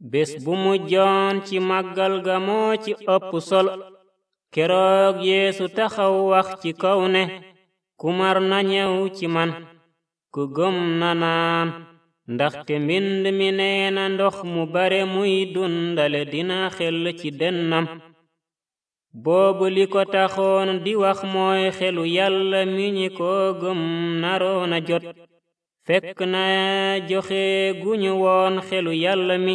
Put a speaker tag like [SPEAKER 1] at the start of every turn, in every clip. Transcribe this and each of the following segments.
[SPEAKER 1] bés bu mujjoon ci màggal ga moo ci ëpp sol keroog yeesu taxaw wax ci kaw ne ku mar na ñëw ci man ku gëm na naan ndaxte mbind mi nee na ndox mu bare muy dundale dina xel ci dennam boobu li ko taxoon di wax mooy xelu yàlla mi ñi koo gëm naroon a jot fekk na joxe woon xelu yàlla mi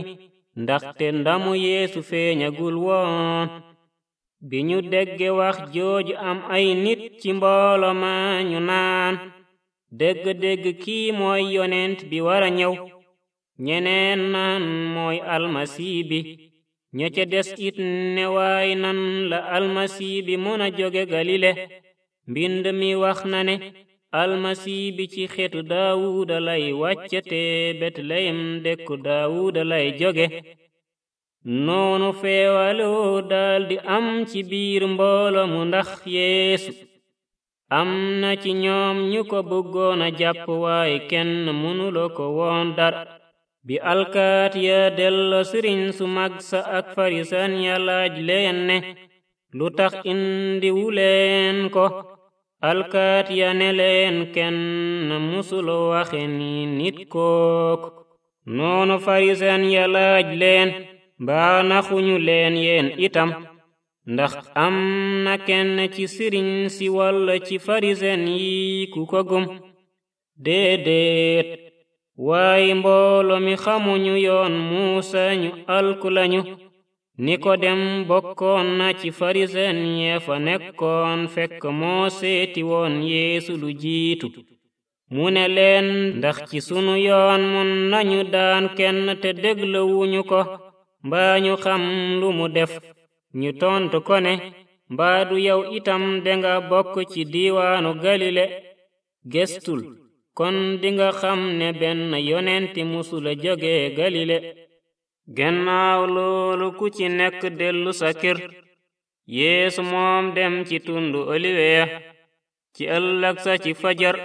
[SPEAKER 1] ndaxte ndamu yeesu feeñagul woon bi ñu degge wax jooju am ay nit ci mboolo ma ñu naan dëgg-dëgg kii mooy yonent bi wara ñëw ñeneen naan mooy almasi bi ña des it ne waay nan la almasi bi mën a jóge galile mbind mi wax na ne almasi bi ci xeetu daawuda lay wàccate betleyem dekku daawuda lay joge noonu feewaloo daldi am ci biir mboolo mu ndax yeesu am na ci ñoom ñu ko bëggoon a jàpp waaye kenn mënula ko woon dara bi alkaat ya dello su mag sa ak farisan ya laaj ne lu tax indiwu leen ko alkaat ya ne leen kenn musula waxe ni nit kook noonu farisen ya laaj leen mbaa naxuñu leen yeen itam ndax am na kenn ci sëriñ si walla ci farisen yi ku ko gëm déedéet waaye mboolo mi xamuñu yoon muusa ñu alku nikodem bokkoon na ci farisen yee fa nekkoon fekk moo seeti woon yeesu lu jiitu mu ne leen ndax ci sunu yoon mun nañu daan kenn te déglawuñu ko mbaa ñu xam lu mu def ñu tontu ko ne mbaa du yow itam danga bokk ci diiwaanu galile gestul kon dinga xam ne benn yonenti musula jóge galile gannaaw loolu ku ci nekk dellu sa kër yeesu moom dem ci tundu oliweya ci ëllëg sa ci fajar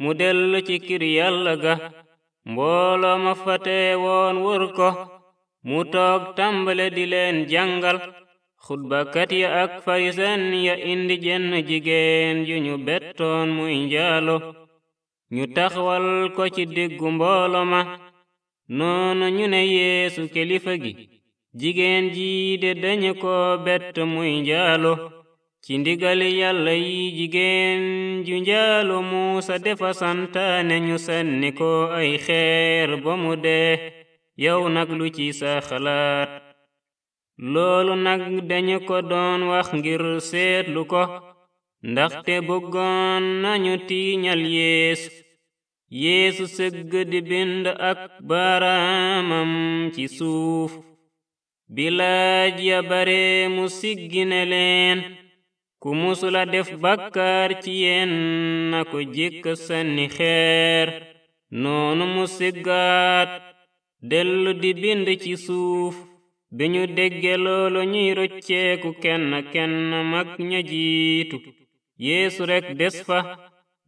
[SPEAKER 1] mu dellu ci kër yàlla ga mbooloo ma fatee woon wër ko mu toog tàmbale di leen jàngal xutbakat ya ak farisen ya indi jenn jigéen ju ñu bettoon muy njaalo ñu taxawal ko ci diggu mboolo noonu ñu ne yeesu kilifa gi jigéen jii de dañu ko bett muy njaalo ci ndigal yàlla yi jigéen ju njaalo muusa defa santaane ñu sànni ko ay xeer ba mu de yow nag lu ci sa xalaat loolu nag dañu ko doon wax ngir seetlu ko ndaxte bëggoon nañu tiiñal yeesu yeesu sëgg di bind ak baaraamam ci suuf bilaaj ya bare mu siggi ne leen ku musula def bàkkaar ci yeen na ko jëkk senni xeer noonu mu siggaat dellu di bind ci suuf bi ñu dégge loolu ñuy rocceeku kenn kenn mag ña jiitu rekk des fa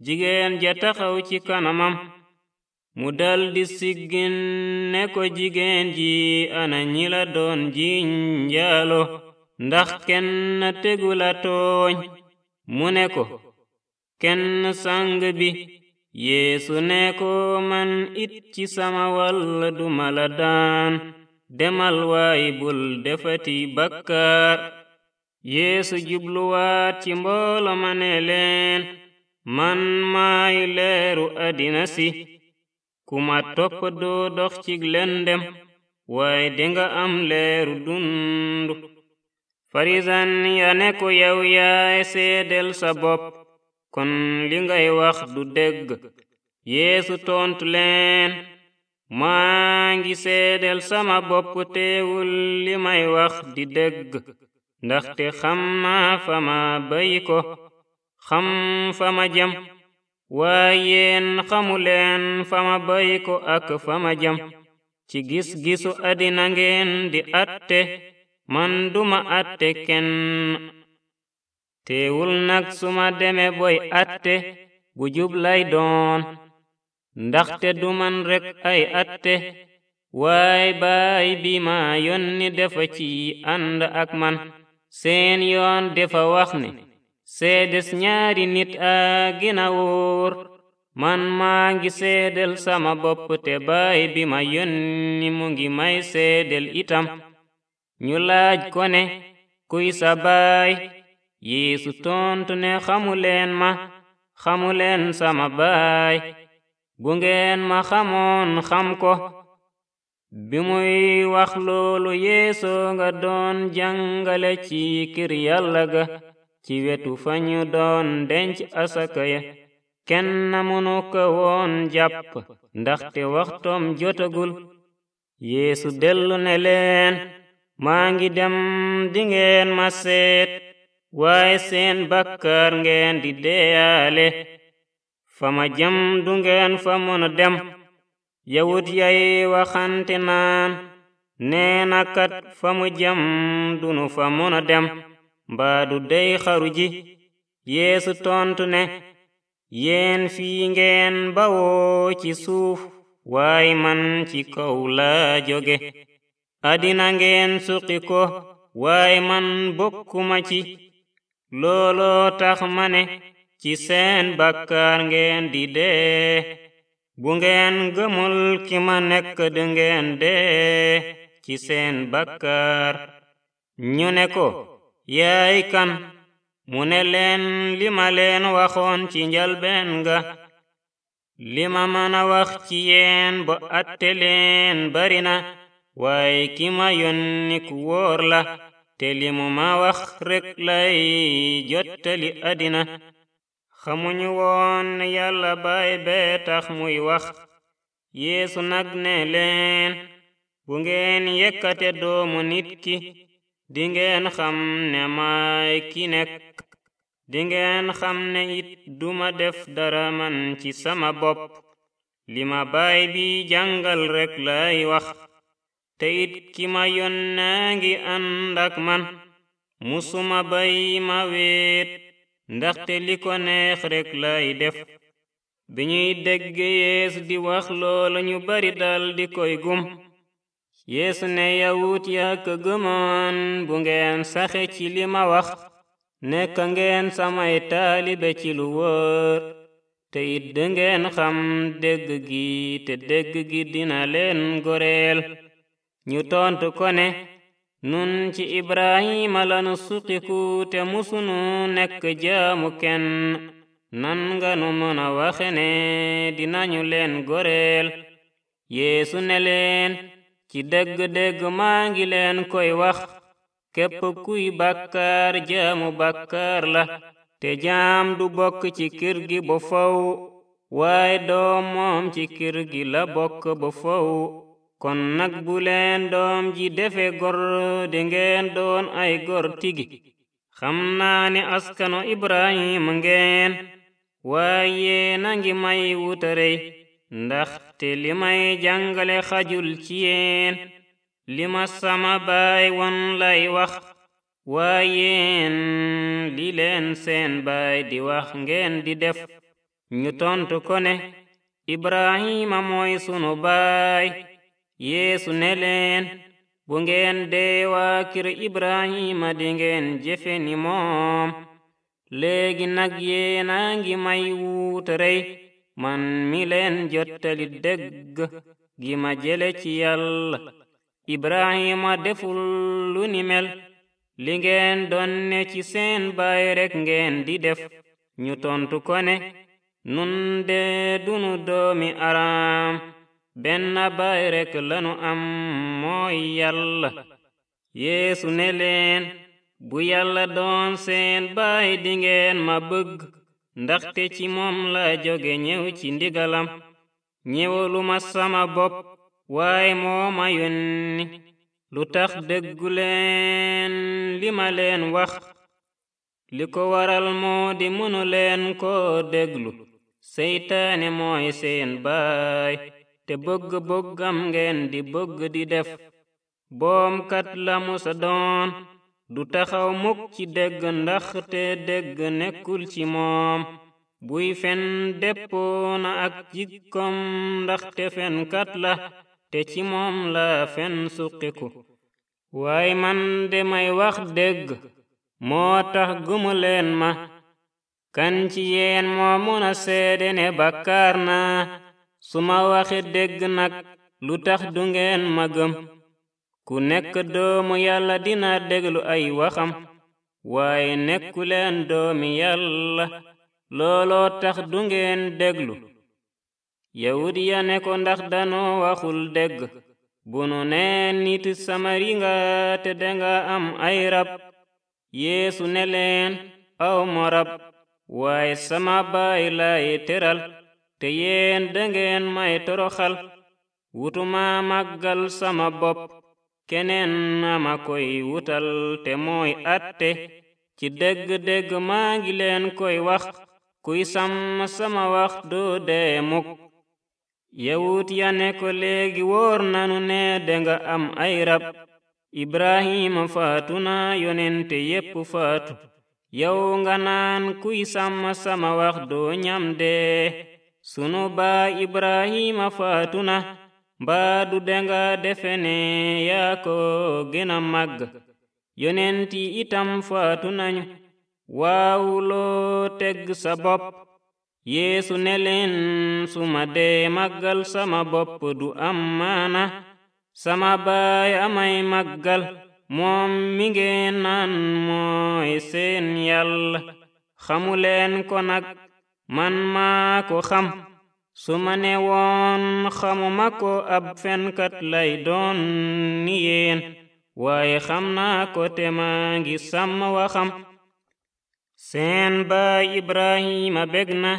[SPEAKER 1] jigéen ja taxaw ci kanamam mu daldi siggin ne ko jigéen ji ana ñi la doon ji njaalo ndax kenn tegu la tooñ mu ne ko kenn sang bi yéesu ne ko man it ci sama walla duma la daan demal waay bul defati bakkaar yeesu jubluwaat ci mboolo ma ne leen man maay leeru àddina si ma topp doo dox ci lëndëm waaye dinga am leeru dundu farisan ya ne ko yow seedel sa bopp kon li ngay wax du dëgg yeesu tontu leen maa ngi seedel sama bopp teewul li may wax di dëgg ndaxte xam naa fa ma bayi ko xam fama ma jëm waayeen xamuleen fa ma bay ak fa jëm ci gis-gisu àddina ngeen di atte man duma atte kenn teewul nag suma deme boy atte bu jub doon ndaxte du man rek ay atte waay baay bi ma yónni defa ci ànd ak man seen yoon defa wax ni seedes ñaari nit a gina wóor man maa ngi seedel sama bopp te baay bi ma yónni mu ngi may seedel itam ñu laaj ko ne kuy sa baay yeesu tontu ne xamuleen ma xamuleen sama baay bu ngeen ma xamoon xam ko bi muy wax loolu nga doon jàngale ci kër yàlla ga ci wetu fa ñu doon denc asaka ya kenn mënu woon jàpp ndaxte waxtoom jotagul yeesu dellu ne leen maa ngi dem di ngeen ma seet waaye seen bakkaar ngeen di deeyaale fa ma jëm du ngeen fa mën dem yawut waxante naan nee kat fa mu jëm dunu fa mën dem mbaa dey xaru ji yeesu tontu ne yéen fii ngeen bawoo ci suuf waaye man ci kaw laa jóge adina ngeen suqi ko waaye man bokkuma ci loolo tax ma ne ci seen bakkaar ngeen di dee bu ngeen gëmul ki ma nekk di ngeen dee ci seen bakkaar ñu ko yaay kan mu ne leen li ma leen waxoon ci njalbeen nga li ma mën a wax ci yeen ba atte leen bari na waaye ki ma yónni ku wóor la te li mu ma wax rek lay jottali àddina xamuñu woon ne yàlla baay bee tax muy wax yeesu nag ne leen bu ngeen yekkate doomu nit ki di ngeen xam ne maay ki nekk di xam ne it duma def dara man ci sama bopp li ma baay bi jàngal rekk laay wax te it ki ma yónnee ngi ànd ak man musuma bàyyi ma weet ndaxte li ko neex rekk laay def bi ñuy dégg Yeesu di wax loola ñu bari dal koy gum yeesu ne yawut ya ka gëmoon bu ngeen saxe ci li ma wax nekk ngeen samay taalibe ci lu te it dangeen xam dégg gi te dégg gi dina leen goreel ñu tontu ko ne nun ci ibrahima lanu suqiku te musunu nekk jaamu kenn nan nga nu mën a waxe ne dinañu leen goreel yeesu ne leen ci dégg dëgg maa ngi leen koy wax képp kuy bàkkaar jaamu bàkkaar la te jaam du bokk ci kër gi ba faw waaye doom moom ci kër gi la bokk ba faw kon nag bu leen doom ji defe gor di ngeen doon ay gor tigi xam naa ne askano ibrahima ngeen waaye na ngi may wutarey ndaxte li may jàngale xajul ci yéen ma sama baay won lay wax waayeen li leen seen baay di wax ngeen di def ñu tontu ko ne ibrahima mooy sunu baay yeesu ne leen bu ngeen dee waa kër di ngeen jëfe ni moom léegi nag yéena ngi may wuutarey man mi leen jottali dëgg gi ma jële ci yàlla ibrahima deful lu ni mel li ngeen doon ne ci seen baay rek ngeen di def ñu tontu ko ne nun de dunu doomi araam benn baay lanu am mooy yàlla yeesu ne leen bu yàlla doon seen baay di ngeen ma bëgg ndaxte ci moom laa jóge ñëw ci ndigalam ñëwaluma sama bopp waaye moo ma yónni lu tax dëggu leen li ma leen wax li ko waral moo di mënu leen koo déglu seytaane mooy seen baay te bëgg-bëggam ngeen di bëgg di def boom kat la musa doon du taxaw mukk ci dëgg ndaxte dëgg nekkul ci moom buy fen dëppoo na ak jikkoom ndaxte fenkat la te ci moom la fen suqiku waaye man de may wax dëgg moo tax gëmu leen ma kan ci yeen moo mën a seede ne bakkaar naa su ma waxe dëgg nag lu tax du ma gëm ku nekk doomu yàlla dina déglu ay waxam waaye leen doomi yàlla looloo tax du ngeen déglu yawut ne ko ndax danoo waxul dégg bu nu nee nit samari nga te danga am ay rab yeesu ne leen aw rab waaye sama baay laay teral te yeen dangeen may toroxal wutuma màggal sama bopp keneen na ma koy wutal te mooy atte ci dëgg-dëgg maa ngi leen koy wax kuy sàmm sama wax doo dee mukk yawut ya ne ko léegi woor nanu ne danga am ay rab ibrahima faatu na yonente yépp faatu yow nga naan kuy sàmm sama wax doo ñam dee sunu baa ibrahima faatu na mbaa du danga defe ne yaa ko gën a yi itam faatu nañu waawuloo tegg sa bopp yeesu ne leen su ma dee màggal sama bopp du am maana sama baay amay màggal moom mi ngeen naan mooy seen yàlla xamuleen ko nag man maa ko xam su ma ne woon xamuma ko ab fenkat lay doon ni waaye xam naa ko te maa ngi sàmm waxam seen baay ibrahima bég na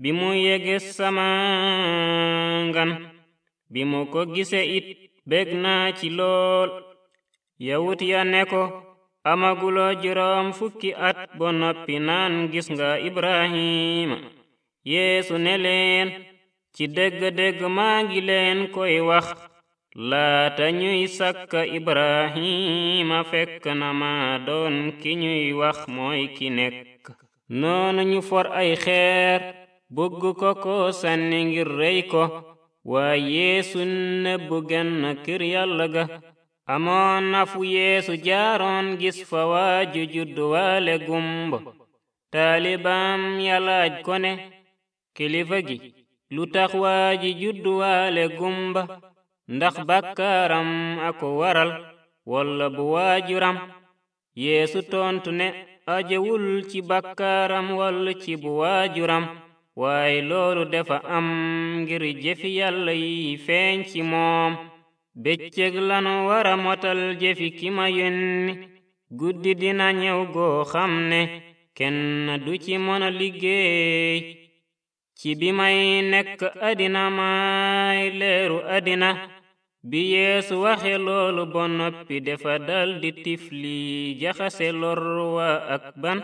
[SPEAKER 1] bi mu yege sama ngan bi mu ko gise it bég naa ci lool yawut ya ne ko amaguloo juróom fukki at ba noppi naan gis nga ibrahima yeesu ne leen ci dégg dëgg maa ngi leen koy wax laata ñuy sàkk ibrahima fekk na ma doon ki ñuy wax mooy ki nekk noonu ñu for ay xeer bëgg ko ko sànni ngir rey ko waa yeesu nëbb genn kër yàlla ga amoon na fu yeesu jaaroon gis fa waa ju judd waale gumba taalibaam ya ko ne kilifa gi lu tax waa ji judduwaale gumba ndax bakkaaram ako waral walla bu waajuram yeesu tontu ne ajewul ci bakkaaram walla ci bu waajuram waaye loolu dafa am ngir jëfi yàlla yi feeñ ci moom bëccëg lanu wara motal jëfi ki ma yónni guddi dina goo xam ne kenn du ci mën liggéey ci bi may nekk àddina may leeru àddina bi yéesu waxe loolu ba noppi dafa daldi tifli jaxase lor wa ak ban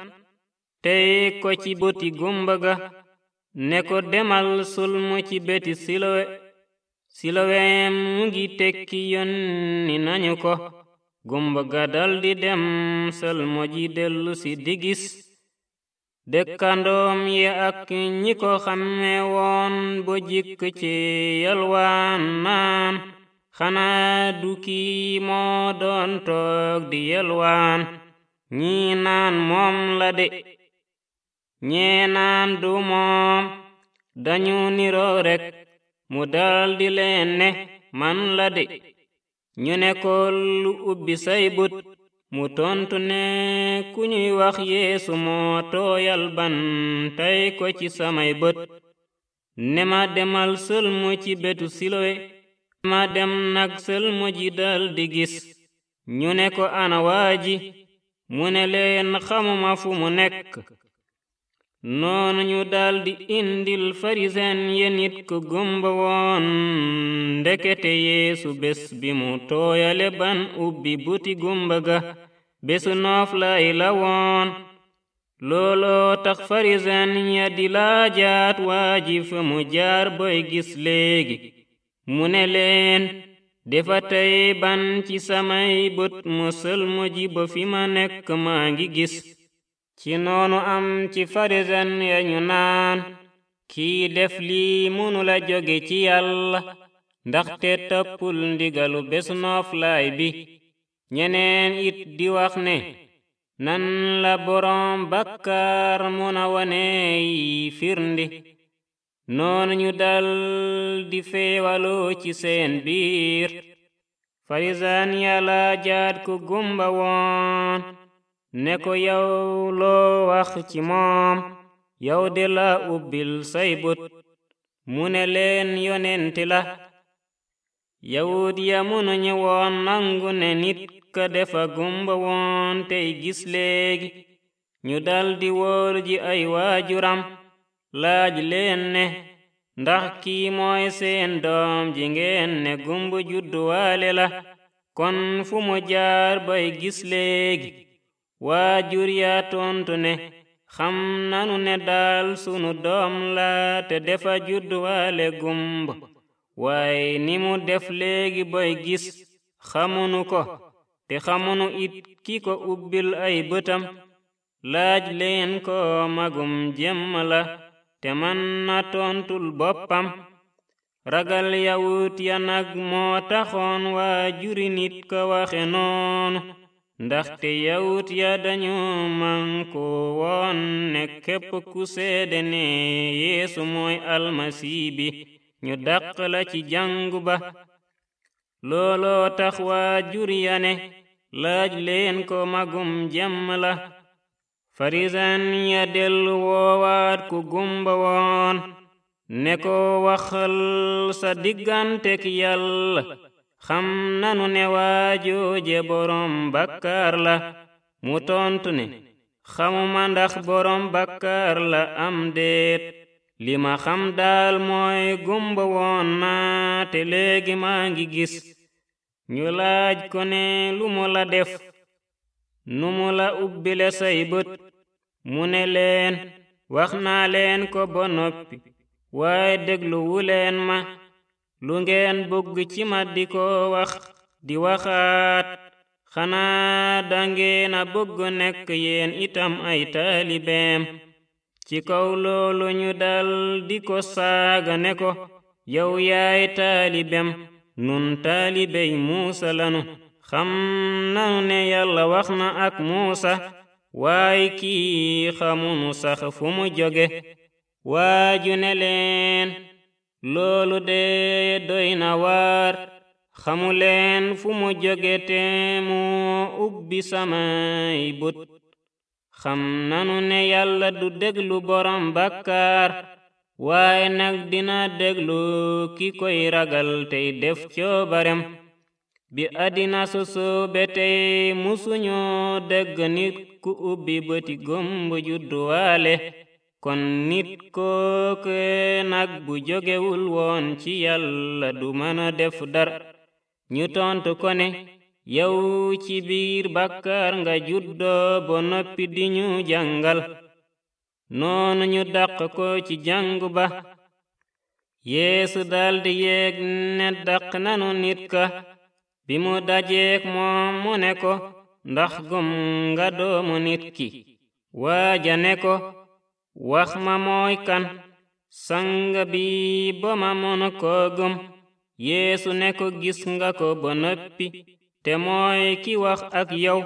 [SPEAKER 1] tey ko ci bëti gumba ne ko demal sulmu ci beti silowe silowe mu ngi tekki yónni nañu ko gumba daldi dem sulmu ji dellu digis dëkkandoom yi ak ñi ko xamme woon ba jikk ci yalwaan naan xanaa du kii moo doon toog di yalwaan ñii naan moom la de ñee naan du moom dañu niroo mu daldi leen ne man la de ñu ne ko ubbi say mu tontu ne ku ñuy wax yeesu moo tooyal ban tey ko ci samay bët ne ma demal sëlmu ci betu silowe maa dem nag sëlmu ji dal di gis ñu ne ko ana waa ji mu ne leen xamuma fu mu nekk noonu ñu daldi indil farisen ya nit ku gumba woon ndekete yeesu bés bi mu tooyale ban ubbi buti gumba ga bésu nooflaay la woon looloo tax farisen ya di laajaat waa ji fa mu jaar boy gis léegi mu ne leen defa ban ci samay bët mu sëlmu ba fi ma nekk maa ngi gis ci noonu am ci farisen ya ñu naan kii def lii mënula joge ci yàlla ndaxte toppul besu bés nooflaay bi ñeneen it di wax ne nan la boroom bàkkaar mun a wone yi firndi noonu ñu dal di seen biir farisen ya la jaat ku gumba woon ne ko yow loo wax ci moom yow de la ubbil say mu ne leen yonenti la yawut ya mënuñu woon nangu ne nit ka defa gumba woon tey gis léegi ñu daldi wóor ji ay waajuram laaj leen ne ndax kii mooy seen doom ji ngeen ne gumba judduwaale la kon fu mu jaar bay gis léegi waajur yaa tontu ne xam nanu ne daal sunu doom la te dafa judduwaale gumba waaye ni mu def léegi boy gis xamunu ko te xamunu it ki ko ubbil ay bëtam laaj leen ko magum jëmm la te man na tontul boppam ragal yawut ya nag moo taxoon waajuri nit waxe noonu ndaxte yawut ya dañu manko woon ne képp ku seede ne yeesu mooy almasi bi ñu dàq la ci jàngu ba looloo tax waa jur ya ne laaj leen ko magum jàmm la farisan ya dellu woowaat ku gumba woon ne ko waxal sa diggantek yàlla xam nanu ne waajooje borom bakkaar la mu tontu ne xamuma ndax borom bakkaar la am déet li ma xam daal moy gumba woon naate te léegi maa ngi gis ñu laaj ko ne lu mu la def nu mu la ubbile say bët mu ne leen wax naa leen ko bo noppi waaye déglu wuleen ma lu ngeen bëgg ci ma di ko wax di waxaat xanaa dangeen a bëgg nekk yéen itam ay taalibeem ci kaw loolu ñu dal di ko saaga ne ko yow yaay taalibem nun taalibey muusa lanu xam nanu ne yàlla wax na ak muusa waaye kii xamunu sax fu mu joge waaju ne leen loolu de doy na waar xamuleen fu mu jóge te mu ubbi samay bët xam nanu ne yàlla du déglu borom bàkkaar waaye nag dina déglu ki koy ragal tey def coobarem bi àddina sosoo tey musuñu dégg nit ku ubbi bëti gomb judduwaale kon nit kooke nag bu jógewul woon ci yàlla du mën a def dara ñu tontu ko ne yow ci biir bakkar nga do ba noppi di ñu jàngal noonu ñu dàq ko ci jàngu ba yeesu daldi yeeg ne dàq nanu nit ka bi mu dajeek moom mu ko ndax gëm nga doomu nit ki waaja ne ko wax ma mooy kan sang bi ba ma mën koo gëm yeesu ne ko gis nga ko ba noppi te mooy ki wax ak yow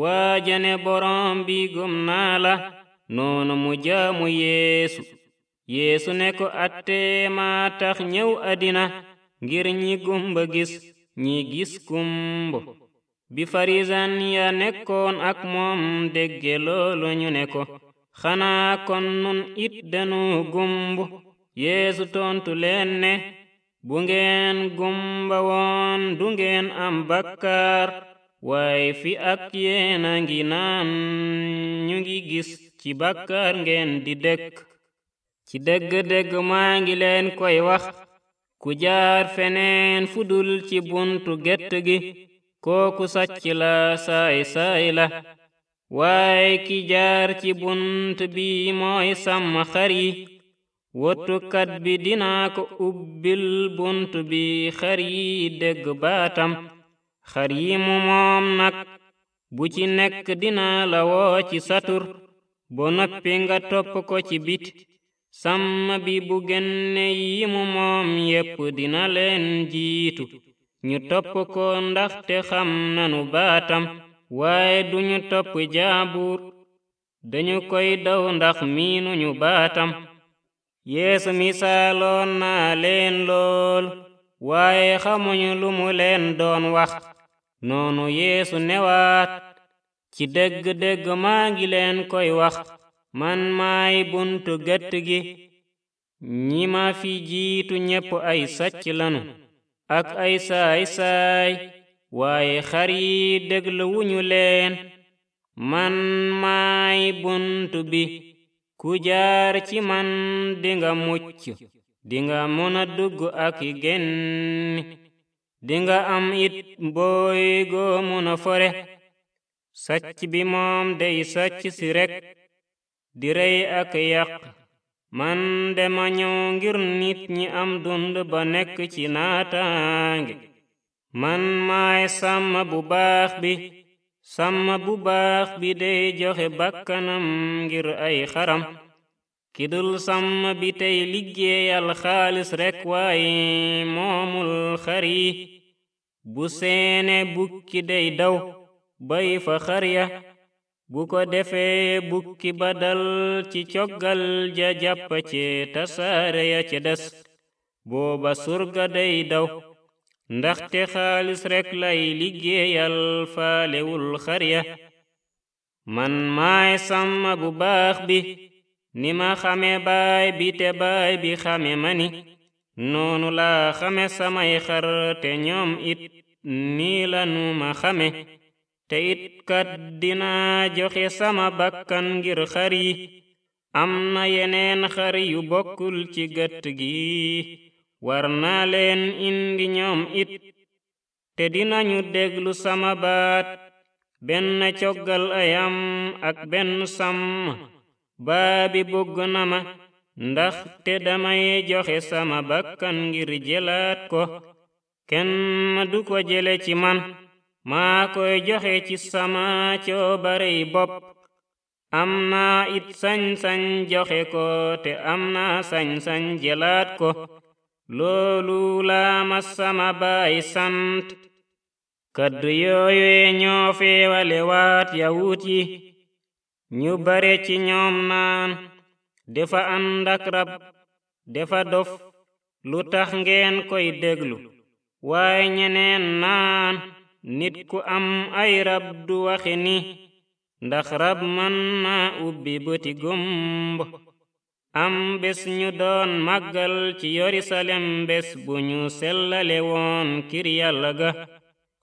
[SPEAKER 1] waajane borom bi gëm naa la noonu mu jaamu yeesu yeesu ne ko attee tax ñëw àddina ngir ñi gumba gis ñi gis kumbo bi farisan ya nekkoon ak moom dégge loolu ne ko xanaa kon nun it danu gumb yéesu tontu leen ne bu ngeen gumba woon du ngeen am bakkaar waaye fi ak yéena ngi naan ñu ngi gis ci bakkaar ngeen di dëkk ci dëgg-dëgg maa ngi leen koy wax ku jaar feneen fudul ci buntu gett gi kooku sàcc la saay saay la waaye ki jaar ci bunt bi mooy sàmm xar yi wattukat bi dina ko ubbil bunt bi xar yi dégg baatam xar yi mu moom nag bu ci nekk dina la woo ci satur ba noppi nga topp ko ci bit sàmm bi bu génne yi mu moom yépp dina leen jiitu ñu topp ko ndaxte xam nanu baatam waaye duñu topp jaambur dañu koy daw ndax miinuñu baatam yeesu misaaloon naa leen lool waaye xamuñu lu mu leen doon wax noonu yeesu newaat ci dëgg-dëgg maa ngi leen koy wax man maay buntu gëtt gi ñi ma fi jiitu ñépp ay sàcc lanu ak ay saay-saay waaye xar yi dégluwuñu leen man maay bunt bi ku jaar ci man dinga mucc dinga mën a dugg ak génn dinga am it mbooy goo mën fore sàcc bi moom day sàcc si rek di rey ak yàq man dema ñëw ngir nit ñi am dund ba nekk ci naataange man maay sàmm bu baax bi sàmm bu baax bi day joxe bakkanam ngir ay xaram ki dul sàmm bi tey liggéeyal xaalis rekk waaye moomul xar bu seene bukki day daw bay fa bu ko defee bukki ba dal ci coggal ja jàppa ce tasaare ya ce des booba surga day daw ndaxte xaalis rek lay liggéeyal faalewul xar ya man maay sàmma bu baax bi ni ma xame baay bi te baay bi xame ma ni noonu laa xame samay xar te ñoom it nii ma xame te it kat dinaa sama bakkan ngir xar am na yeneen xar bokkul ci gëtt gi war naa leen indi ñoom it te dinañu déglu sama baat benn coggal ayam ak benn sàmm baa bi na ma ndax te damay joxe sama bakkan ngir jëlaat ko kenn du ko jële ci man maa koy joxe ci sama coobarey bopp am naa it sañ-sañ joxe ko te am naa sañ-sañ jëlaat ko loolu la ma sama baay sant kaddu yooyee ñoo feewale waat yawut yi ñu bare ci ñoom naan defa ànd ak rab dafa dof lu tax ngeen koy déglu waaye ñeneen naan nit ku am ay rab du waxe ni ndax rab mën naa ubbi bëti gumb am bés ñu doon màggal ci yerusalem bés bu ñu sellale woon kir yàlla ga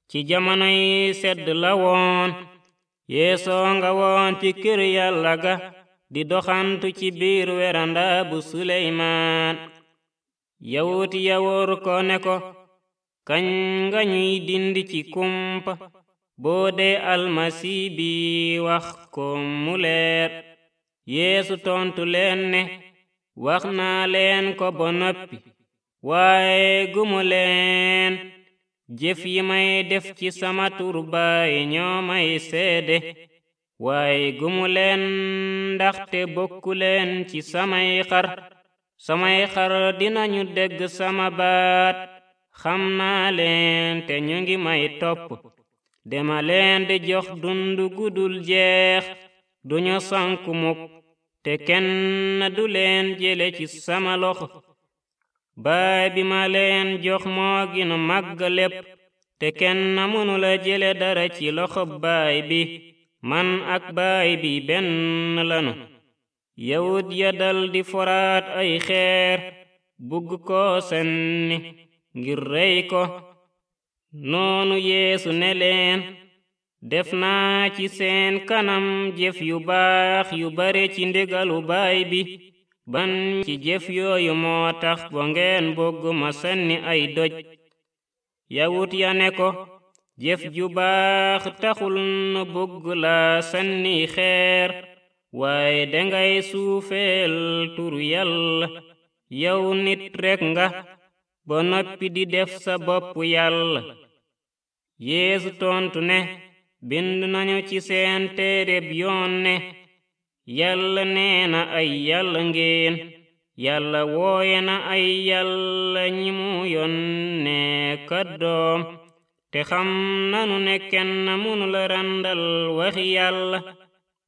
[SPEAKER 1] ci jamonoy sedd la woon yeesoo nga woon ci kir yàlla ga di doxantu ci biir weranda bu suleymaan yawuti ya ko ne ko kañ nga ñuy dindi ci kumpa boo dee bi wax ko mu yeesu tontu leen ne wax naa leen ko ba noppi waaye gumu leen jëf yi may def ci sama tur baay ñoo may seede waaye gumu leen ndaxte bokku leen ci samay xar samay xar ñu degg sama baat xam naa leen te ñu ngi may topp dema leen di jox dund gudul jeex duñu sanku mukk te kenn du leen jële ci sama loxo baay bi ma leen jox moo gën màgg lépp te kenn mënu la jële dara ci loxo baay bi man ak baay bi benn lanu yawut ya dal di foraat ay xeer bugg ko senni ngir rey ko noonu yeesu ne leen def naa ci seen kanam jëf yu baax yu bare ci ndigalu baay bi ban ci jëf yooyu moo tax ba ngeen bëgg ma sànni ay doj yawut ya ne ko jëf ju baax taxul na bëgg laa sànni xeer waaye dangay suufeel turu yàlla yow nit rek nga ba noppi di def sa bopp yàlla yéesu bind nañu ci seen téereb yoon ne yàlla nee na ay yàlla ngeen yàlla wooye na ay yàlla ñi mu yónnee kaddoom te xam nanu ne kenn mënu la randal waxi yàlla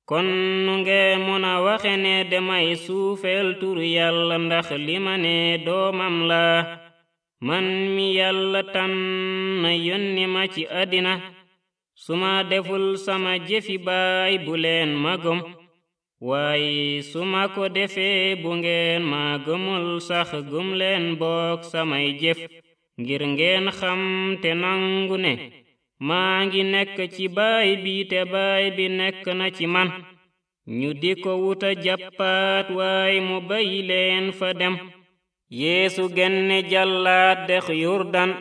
[SPEAKER 1] kon nu nge mën a waxe ne demay suufeel turu yàlla ndax li ma ne doomam la man mi yàlla tànn na yónni ma ci àddina su ma deful sama jëfi baay bu leen ma su ma ko defee bu ngeen ma gëmul sax gëm leen bok samay jëf ngir ngeen xam te nangu ne maa ngi nekk ci baay bi te baay bi nekk na ci man ñu di ko wuta jàppaat waaye mu bayi leen fa dem yeesu genne jàllaat dex yurdan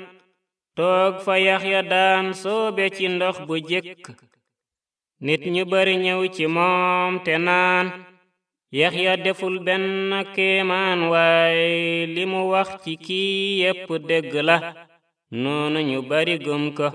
[SPEAKER 1] toog fa yaxya daan soobe ci ndox bu jëkk nit ñu bari ñëw ci moom te naan yaxya deful benn kéemaan waaye li mu wax ci kii yépp dëgg la noonu ñu bari gëm ko